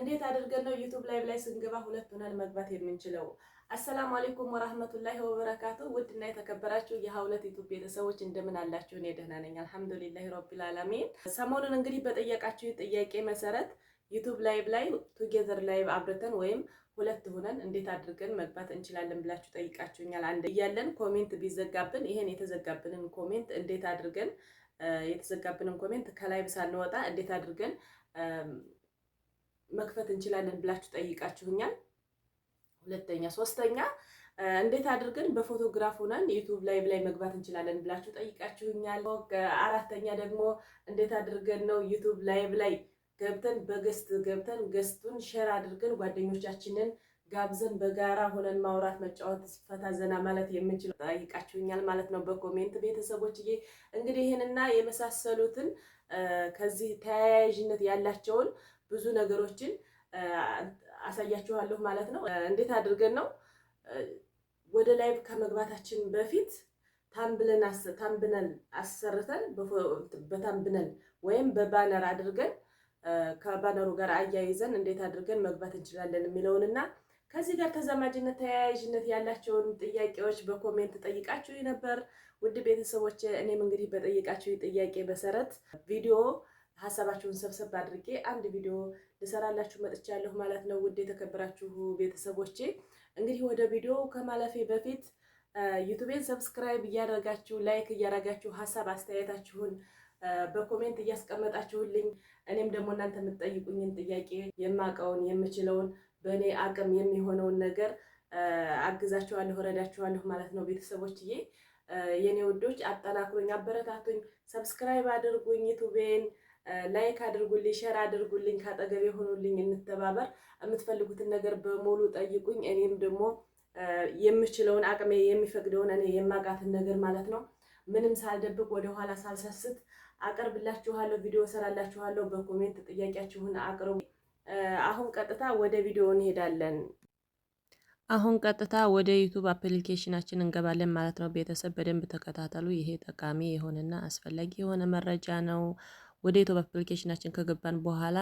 እንዴት አድርገን ነው ዩቱብ ላይቭ ላይ ስንገባ ሁለት ሆነን መግባት የምንችለው? አሰላሙ አለይኩም ወራህመቱላሂ ወበረካቱ። ውድና የተከበራችሁ የሀውለት ዩቱብ ቤተሰቦች እንደምን አላችሁ? እኔ ደህና ነኝ አልሐምዱሊላሂ ረቢል አለሚን። ሰሞኑን እንግዲህ በጠየቃችሁ ጥያቄ መሰረት ዩቱብ ላይቭ ላይ ቱጌዘር ላይቭ አብረተን ወይም ሁለት ሆነን እንዴት አድርገን መግባት እንችላለን ብላችሁ ጠይቃችሁኛል። አንድ እያለን ኮሜንት ቢዘጋብን ይሄን የተዘጋብንን ኮሜንት እንዴት አድርገን የተዘጋብንን ኮሜንት ከላይቭ ሳንወጣ እንዴት አድርገን መክፈት እንችላለን ብላችሁ ጠይቃችሁኛል። ሁለተኛ ሶስተኛ እንዴት አድርገን በፎቶግራፍ ሆነን ዩቱብ ላይቭ ላይ መግባት እንችላለን ብላችሁ ጠይቃችሁኛል። አራተኛ ደግሞ እንዴት አድርገን ነው ዩቱብ ላይቭ ላይ ገብተን በገስት ገብተን ገስቱን ሼር አድርገን ጓደኞቻችንን ጋብዘን በጋራ ሆነን ማውራት፣ መጫወት፣ ፈታ ዘና ማለት የምንችለው ጠይቃችሁኛል ማለት ነው በኮሜንት ቤተሰቦችዬ። እንግዲህ ይህንና የመሳሰሉትን ከዚህ ተያያዥነት ያላቸውን ብዙ ነገሮችን አሳያችኋለሁ ማለት ነው። እንዴት አድርገን ነው ወደ ላይቭ ከመግባታችን በፊት ታምብነል አሰርተን በታምብነል ወይም በባነር አድርገን ከባነሩ ጋር አያይዘን እንዴት አድርገን መግባት እንችላለን የሚለውን እና ከዚህ ጋር ተዛማጅነት ተያያዥነት ያላቸውን ጥያቄዎች በኮሜንት ጠይቃችሁ ነበር ውድ ቤተሰቦች። እኔም እንግዲህ በጠይቃችሁ ጥያቄ መሰረት ቪዲዮ ሀሳባችሁን ሰብሰብ አድርጌ አንድ ቪዲዮ ልሰራላችሁ መጥቻለሁ ማለት ነው። ውድ የተከበራችሁ ቤተሰቦቼ እንግዲህ ወደ ቪዲዮ ከማለፌ በፊት ዩቱቤን ሰብስክራይብ እያደረጋችሁ ላይክ እያደረጋችሁ ሀሳብ አስተያየታችሁን በኮሜንት እያስቀመጣችሁልኝ እኔም ደግሞ እናንተ የምትጠይቁኝን ጥያቄ የማውቀውን የምችለውን በእኔ አቅም የሚሆነውን ነገር አግዛችኋለሁ፣ እረዳችኋለሁ ማለት ነው ቤተሰቦችዬ። የእኔ ውዶች አጠናክሩኝ፣ አበረታቱኝ፣ ሰብስክራይብ አድርጉኝ ዩቱቤን ላይክ አድርጉልኝ፣ ሼር አድርጉልኝ፣ ካጠገብ የሆኑልኝ እንተባበር። የምትፈልጉትን ነገር በሙሉ ጠይቁኝ። እኔም ደግሞ የምችለውን አቅሜ የሚፈቅደውን እኔ የማጋትን ነገር ማለት ነው ምንም ሳልደብቅ ወደኋላ ሳልሰስት አቀርብላችኋለሁ። ቪዲዮ ሰራላችኋለሁ። በኮሜንት ጥያቄያችሁን አቅርቡ። አሁን ቀጥታ ወደ ቪዲዮ እንሄዳለን። አሁን ቀጥታ ወደ ዩቱብ አፕሊኬሽናችን እንገባለን ማለት ነው። ቤተሰብ በደንብ ተከታተሉ። ይሄ ጠቃሚ የሆነና አስፈላጊ የሆነ መረጃ ነው። ወደ ዩቱብ አፕሊኬሽናችን ከገባን በኋላ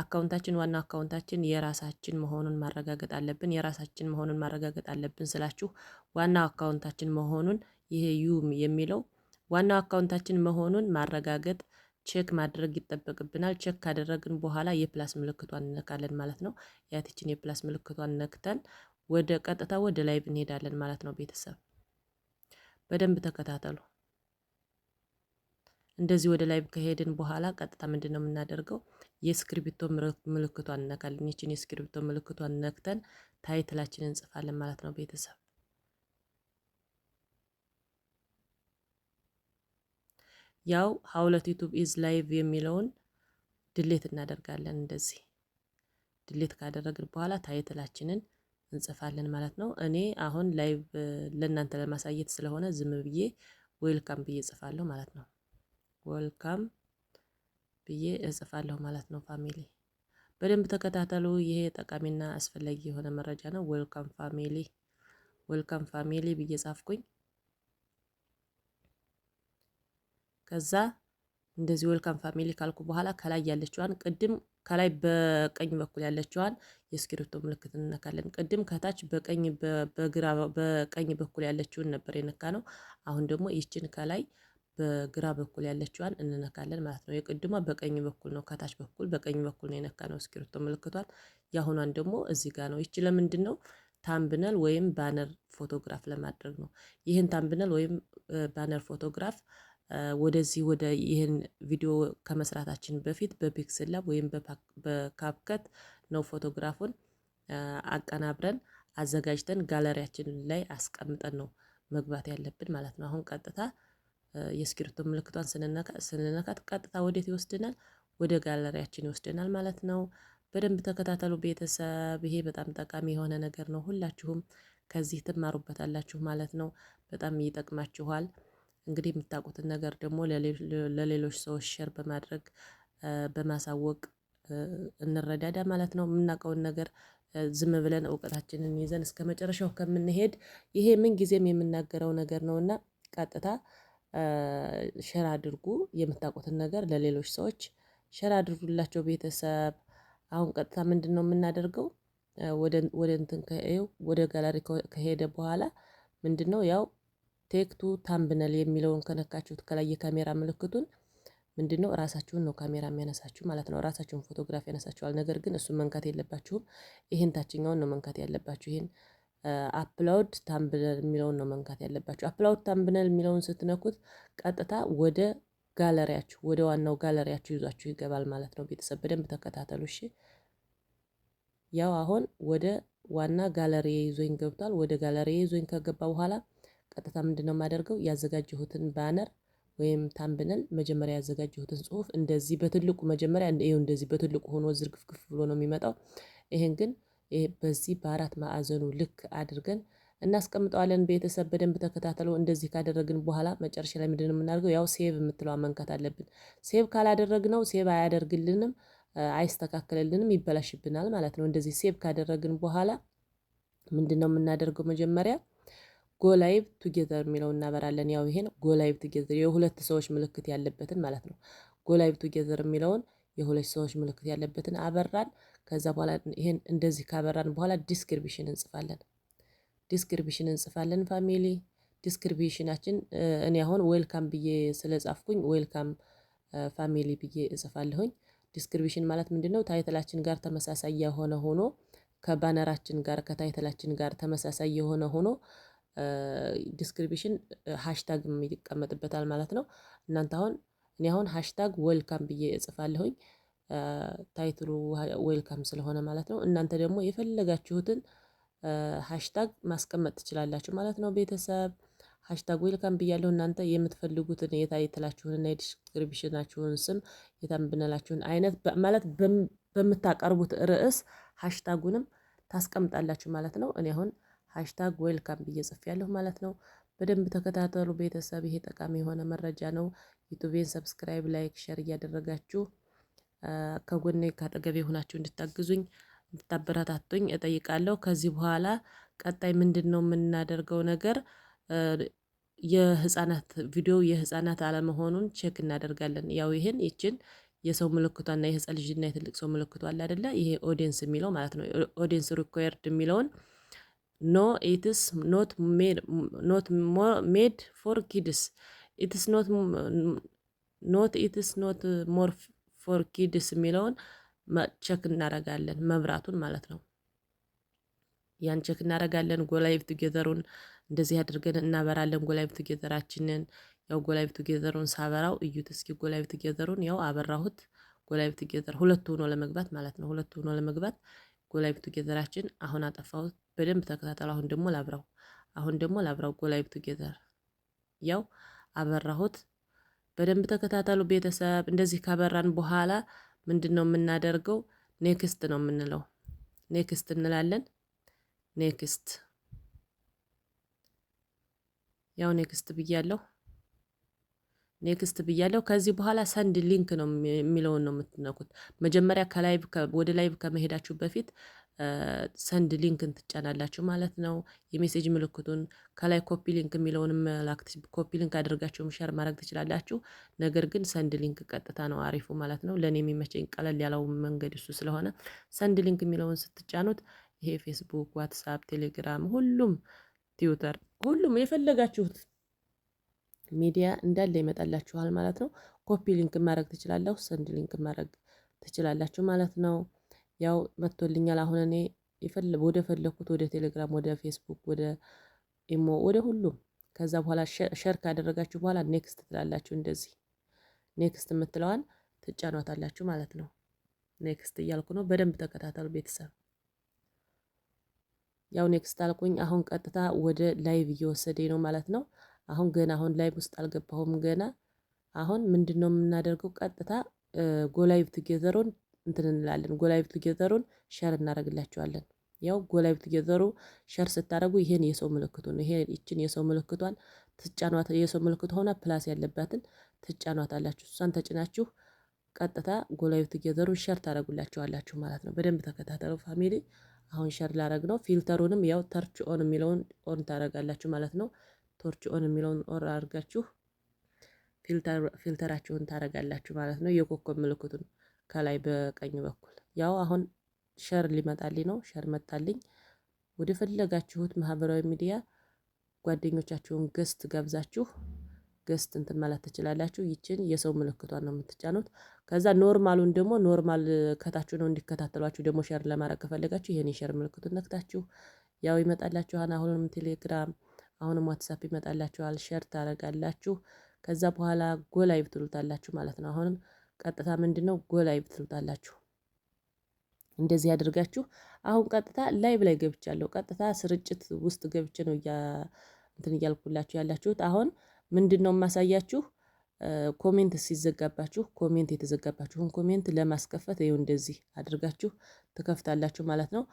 አካውንታችን ዋና አካውንታችን የራሳችን መሆኑን ማረጋገጥ አለብን። የራሳችን መሆኑን ማረጋገጥ አለብን ስላችሁ ዋና አካውንታችን መሆኑን ይሄ ዩ የሚለው ዋና አካውንታችን መሆኑን ማረጋገጥ ቼክ ማድረግ ይጠበቅብናል። ቼክ ካደረግን በኋላ የፕላስ ምልክቷን እንነካለን ማለት ነው። ያቲችን የፕላስ ምልክቷን ነክተን ወደ ቀጥታ ወደ ላይቭ እንሄዳለን ማለት ነው። ቤተሰብ በደንብ ተከታተሉ። እንደዚህ ወደ ላይ ከሄድን በኋላ ቀጥታ ምንድን ነው የምናደርገው? የእስክሪብቶ ምልክቷን እነካለን። ይችን የእስክሪብቶ ምልክቷን ነክተን ታይትላችን እንጽፋለን ማለት ነው ቤተሰብ። ያው ሀውለት ዩቱብ ኢዝ ላይቭ የሚለውን ድሌት እናደርጋለን። እንደዚህ ድሌት ካደረግን በኋላ ታይትላችንን እንጽፋለን ማለት ነው። እኔ አሁን ላይቭ ለእናንተ ለማሳየት ስለሆነ ዝም ብዬ ዌልካም ብዬ ጽፋለሁ ማለት ነው። ወልካም ብዬ እጽፋለሁ ማለት ነው። ፋሚሊ በደንብ ተከታተሉ። ይሄ ጠቃሚና አስፈላጊ የሆነ መረጃ ነው። ወልካም ፋሚሊ ወልካም ፋሚሊ ብዬ ጻፍኩኝ። ከዛ እንደዚህ ወልካም ፋሚሊ ካልኩ በኋላ ከላይ ያለችዋን ቅድም ከላይ በቀኝ በኩል ያለችዋን የእስክሪብቶ ምልክት እንነካለን። ቅድም ከታች በቀኝ በግራ በቀኝ በኩል ያለችውን ነበር የነካ ነው። አሁን ደግሞ ይችን ከላይ በግራ በኩል ያለችዋን እንነካለን ማለት ነው። የቅድሟ በቀኝ በኩል ነው፣ ከታች በኩል በቀኝ በኩል ነው ነው እስክሪብቶ ምልክቷን። የአሁኗን ደግሞ እዚህ ጋር ነው። ይች ለምንድን ነው? ታምብነል ወይም ባነር ፎቶግራፍ ለማድረግ ነው። ይህን ታምብነል ወይም ባነር ፎቶግራፍ ወደዚህ ወደ ይህን ቪዲዮ ከመስራታችን በፊት በፒክስል ላብ ወይም በካፕከት ነው ፎቶግራፉን አቀናብረን አዘጋጅተን ጋለሪያችን ላይ አስቀምጠን ነው መግባት ያለብን ማለት ነው። አሁን ቀጥታ የእስክሪብቶ ምልክቷን ስንነካት ቀጥታ ወዴት ይወስድናል? ወደ ጋለሪያችን ይወስድናል ማለት ነው። በደንብ ተከታተሉ ቤተሰብ። ይሄ በጣም ጠቃሚ የሆነ ነገር ነው። ሁላችሁም ከዚህ ትማሩበታላችሁ ማለት ነው። በጣም ይጠቅማችኋል። እንግዲህ የምታውቁትን ነገር ደግሞ ለሌሎች ሰዎች ሸር በማድረግ በማሳወቅ እንረዳዳ ማለት ነው። የምናውቀውን ነገር ዝም ብለን እውቀታችንን ይዘን እስከ መጨረሻው ከምንሄድ ይሄ ምን ጊዜም የምናገረው ነገር እና ቀጥታ ሸር አድርጉ። የምታውቁትን ነገር ለሌሎች ሰዎች ሸር አድርጉላቸው። ቤተሰብ አሁን ቀጥታ ምንድን ነው የምናደርገው? ወደ እንትን ወደ ጋላሪ ከሄደ በኋላ ምንድን ነው ያው ቴክቱ ታምብነል የሚለውን ከነካችሁት ከላይ የካሜራ ምልክቱን ምንድን ነው ራሳችሁን ነው ካሜራ የሚያነሳችሁ ማለት ነው። ራሳችሁን ፎቶግራፍ ያነሳችኋል። ነገር ግን እሱን መንካት የለባችሁም። ይህን ታችኛውን ነው መንካት ያለባችሁ። ይህን አፕላውድ ታምብነል የሚለውን ነው መንካት ያለባችሁ። አፕላውድ ታምብነል የሚለውን ስትነኩት ቀጥታ ወደ ጋለሪያችሁ ወደ ዋናው ጋለሪያችሁ ይዟችሁ ይገባል ማለት ነው። ቤተሰብ በደንብ ተከታተሉ እሺ። ያው አሁን ወደ ዋና ጋለሪ ይዞኝ ገብቷል። ወደ ጋለሪ ይዞኝ ከገባ በኋላ ቀጥታ ምንድን ነው የማደርገው ያዘጋጀሁትን ባነር ወይም ታምብነል መጀመሪያ ያዘጋጀሁትን ጽሁፍ እንደዚህ በትልቁ መጀመሪያ ይኸው እንደዚህ በትልቁ ሆኖ ዝርግፍግፍ ብሎ ነው የሚመጣው። ይሄን ግን በዚህ በአራት ማዕዘኑ ልክ አድርገን እናስቀምጠዋለን። ቤተሰብ በደንብ ተከታተሉ። እንደዚህ ካደረግን በኋላ መጨረሻ ላይ ምንድን የምናደርገው ያው ሴቭ የምትለዋ መንካት አለብን። ሴቭ ካላደረግነው ሴቭ አያደርግልንም፣ አይስተካከልልንም፣ ይበላሽብናል ማለት ነው። እንደዚህ ሴቭ ካደረግን በኋላ ምንድን ነው የምናደርገው መጀመሪያ ጎላይቭ ቱጌዘር የሚለው እናበራለን። ያው ይሄን ጎላይቭ ቱጌዘር የሁለት ሰዎች ምልክት ያለበትን ማለት ነው። ጎላይቭ ቱጌዘር የሚለውን የሁለት ሰዎች ምልክት ያለበትን አበራን። ከዛ በኋላ ይሄን እንደዚህ ካበራን በኋላ ዲስክሪፕሽን እንጽፋለን። ዲስክሪፕሽን እንጽፋለን ፋሚሊ ዲስክሪፕሽናችን እኔ አሁን ዌልካም ብዬ ስለጻፍኩኝ ዌልካም ፋሚሊ ብዬ እጽፋለሁኝ። ዲስክሪፕሽን ማለት ምንድን ነው? ታይትላችን ጋር ተመሳሳይ የሆነ ሆኖ ከባነራችን ጋር ከታይትላችን ጋር ተመሳሳይ የሆነ ሆኖ ዲስክሪፕሽን ሃሽታግ ይቀመጥበታል ማለት ነው። እናንተ አሁን እኔ አሁን ሃሽታግ ዌልካም ብዬ እጽፋለሁኝ። ታይትሉ ዌልካም ስለሆነ ማለት ነው። እናንተ ደግሞ የፈለጋችሁትን ሀሽታግ ማስቀመጥ ትችላላችሁ ማለት ነው። ቤተሰብ ሀሽታግ ዌልካም ብያለሁ። እናንተ የምትፈልጉትን የታይትላችሁንና የዲስክሪፕሽናችሁን ስም የታምብነላችሁን አይነት ማለት በምታቀርቡት ርዕስ ሀሽታጉንም ታስቀምጣላችሁ ማለት ነው። እኔ አሁን ሀሽታግ ዌልካም ብዬ ጽፌያለሁ ማለት ነው። በደንብ ተከታተሉ ቤተሰብ። ይሄ ጠቃሚ የሆነ መረጃ ነው። ዩቱቤን ሰብስክራይብ፣ ላይክ፣ ሸር እያደረጋችሁ ከጎኔ ካጠገቤ ሆናችሁ እንድታግዙኝ እንድታበረታቱኝ እጠይቃለሁ። ከዚህ በኋላ ቀጣይ ምንድን ነው የምናደርገው ነገር የህጻናት ቪዲዮ የህጻናት አለመሆኑን ቼክ እናደርጋለን። ያው ይህን ይችን የሰው ምልክቷና የህፃን ልጅና የትልቅ ሰው ምልክቷ አለ አደለ? ይሄ ኦዲየንስ የሚለው ማለት ነው። ኦዲየንስ ሪኳየርድ የሚለውን ኖ ኢትስ ኖት ሜድ ፎር ኪድስ ኢትስ ኖት ኢትስ ኖት ሞር ፎር ኪድስ የሚለውን ቸክ እናረጋለን። መብራቱን ማለት ነው። ያን ቸክ እናረጋለን። ጎላይቭ ቱጌዘሩን እንደዚህ አድርገን እናበራለን። ጎላይቭ ቱጌዘራችንን ያው ጎላይቭ ቱጌዘሩን ሳበራው እዩት እስኪ ጎላይቭ ቱጌዘሩን ያው አበራሁት። ጎላይቭ ቱጌዘር ሁለት ሆኖ ለመግባት ማለት ነው። ሁለት ሆኖ ለመግባት ጎላይቭ ቱጌዘራችን አሁን አጠፋሁት። በደንብ ተከታተሉ። አሁን ደግሞ ላብራው አሁን ደግሞ ላብራው ጎላይቭ ቱጌዘር ያው አበራሁት። በደንብ ተከታተሉ ቤተሰብ። እንደዚህ ካበራን በኋላ ምንድን ነው የምናደርገው? ኔክስት ነው የምንለው። ኔክስት እንላለን። ኔክስት ያው ኔክስት ብያለሁ፣ ኔክስት ብያለሁ። ከዚህ በኋላ ሰንድ ሊንክ ነው የሚለውን ነው የምትነኩት። መጀመሪያ ከላይቭ ወደ ላይቭ ከመሄዳችሁ በፊት ሰንድ ሊንክን ትጫናላችሁ ማለት ነው። የሜሴጅ ምልክቱን ከላይ ኮፒ ሊንክ የሚለውን መላክት ኮፒ ሊንክ አድርጋችሁም ሸር ማድረግ ትችላላችሁ። ነገር ግን ሰንድ ሊንክ ቀጥታ ነው አሪፉ ማለት ነው። ለእኔ የሚመቸኝ ቀለል ያለው መንገድ እሱ ስለሆነ ሰንድ ሊንክ የሚለውን ስትጫኑት ይሄ ፌስቡክ፣ ዋትሳፕ፣ ቴሌግራም፣ ሁሉም ትዊተር፣ ሁሉም የፈለጋችሁት ሚዲያ እንዳለ ይመጣላችኋል ማለት ነው። ኮፒ ሊንክ ማድረግ ትችላለሁ፣ ሰንድ ሊንክ ማድረግ ትችላላችሁ ማለት ነው። ያው መጥቶልኛል። አሁን እኔ ወደ ፈለኩት ወደ ቴሌግራም፣ ወደ ፌስቡክ፣ ወደ ኢሞ፣ ወደ ሁሉም ከዛ በኋላ ሸር ካደረጋችሁ በኋላ ኔክስት ትላላችሁ። እንደዚህ ኔክስት የምትለዋን ትጫኗታላችሁ ማለት ነው። ኔክስት እያልኩ ነው። በደንብ ተከታተሉ ቤተሰብ። ያው ኔክስት አልኩኝ። አሁን ቀጥታ ወደ ላይቭ እየወሰደ ነው ማለት ነው። አሁን ገና አሁን ላይቭ ውስጥ አልገባሁም ገና። አሁን ምንድን ነው የምናደርገው? ቀጥታ ጎላይቭ ትጌዘሩን እንትን እንላለን። ጎላይቭ ቱጌዘሩን ሸር እናደርግላቸዋለን። ያው ጎላይቭ ቱጌዘሩ ሸር ስታደርጉ ይሄን የሰው ምልክቱ ነው። ይሄን ይችን የሰው ምልክቷን ትጫኗት። የሰው ምልክቱ ሆና ፕላስ ያለባትን ትጫኗት አላችሁ። እሷን ተጭናችሁ ቀጥታ ጎላይቭ ቱጌዘሩን ሸር ታደርጉላቸዋላችሁ ማለት ነው። በደንብ ተከታተሉ ፋሚሊ። አሁን ሸር ላረግ ነው። ፊልተሩንም ያው ተርች ኦን የሚለውን ኦን ታደርጋላችሁ ማለት ነው። ቶርች ኦን የሚለውን ኦር አድርጋችሁ ፊልተራችሁን ታደርጋላችሁ ማለት ነው። የኮከብ ምልክቱን ከላይ በቀኝ በኩል ያው አሁን ሸር ሊመጣልኝ ነው። ሸር መጣልኝ ወደ ፈለጋችሁት ማህበራዊ ሚዲያ ጓደኞቻችሁን ገስት ጋብዛችሁ ገስት እንትን ማለት ትችላላችሁ። ይችን የሰው ምልክቷን ነው የምትጫኑት። ከዛ ኖርማሉን ደግሞ ኖርማል ከታችሁ ነው እንዲከታተሏችሁ ደግሞ ሸር ለማድረግ ከፈለጋችሁ ይህን የሸር ምልክቱ ነክታችሁ ያው ይመጣላችኋል። አሁንም ቴሌግራም አሁንም ዋትሳፕ ይመጣላችኋል። ሸር ታደርጋላችሁ። ከዛ በኋላ ጎላይ ብትሉታላችሁ ማለት ነው አሁንም ቀጥታ ምንድን ነው ጎ ላይቭ ትሉታላችሁ። እንደዚህ ያደርጋችሁ። አሁን ቀጥታ ላይቭ ላይ ገብቻለሁ። ቀጥታ ስርጭት ውስጥ ገብቼ ነው እንትን እያልኩላችሁ ያላችሁት። አሁን ምንድን ነው የማሳያችሁ ኮሜንት ሲዘጋባችሁ ኮሜንት የተዘጋባችሁን ኮሜንት ለማስከፈት ይኸው እንደዚህ አድርጋችሁ ትከፍታላችሁ ማለት ነው።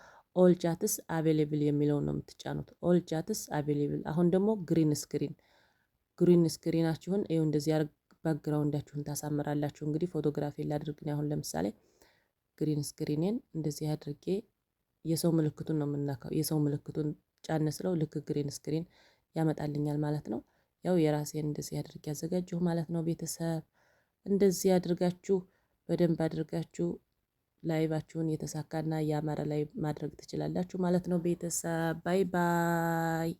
ኦል ቻትስ አቬሌብል የሚለውን ነው የምትጫኑት። ኦል ቻትስ አቬሌብል። አሁን ደግሞ ግሪን ስክሪን ግሪን ስክሪናችሁን ይኸው እንደዚህ ባክግራውንዳችሁን ታሳምራላችሁ። እንግዲህ ፎቶግራፊ ላድርግ ነው። አሁን ለምሳሌ ግሪን ስክሪኔን እንደዚህ አድርጌ የሰው ምልክቱን ነው የምናካው። የሰው ምልክቱን ጫን ስለው ልክ ግሪን ስክሪን ያመጣልኛል ማለት ነው። ያው የራሴን እንደዚህ አድርጌ ያዘጋጀሁ ማለት ነው። ቤተሰብ እንደዚህ አድርጋችሁ በደንብ አድርጋችሁ ላይቫችሁን የተሳካና ያማረ ላይ ማድረግ ትችላላችሁ ማለት ነው። ቤተሰብ ባይ ባይ።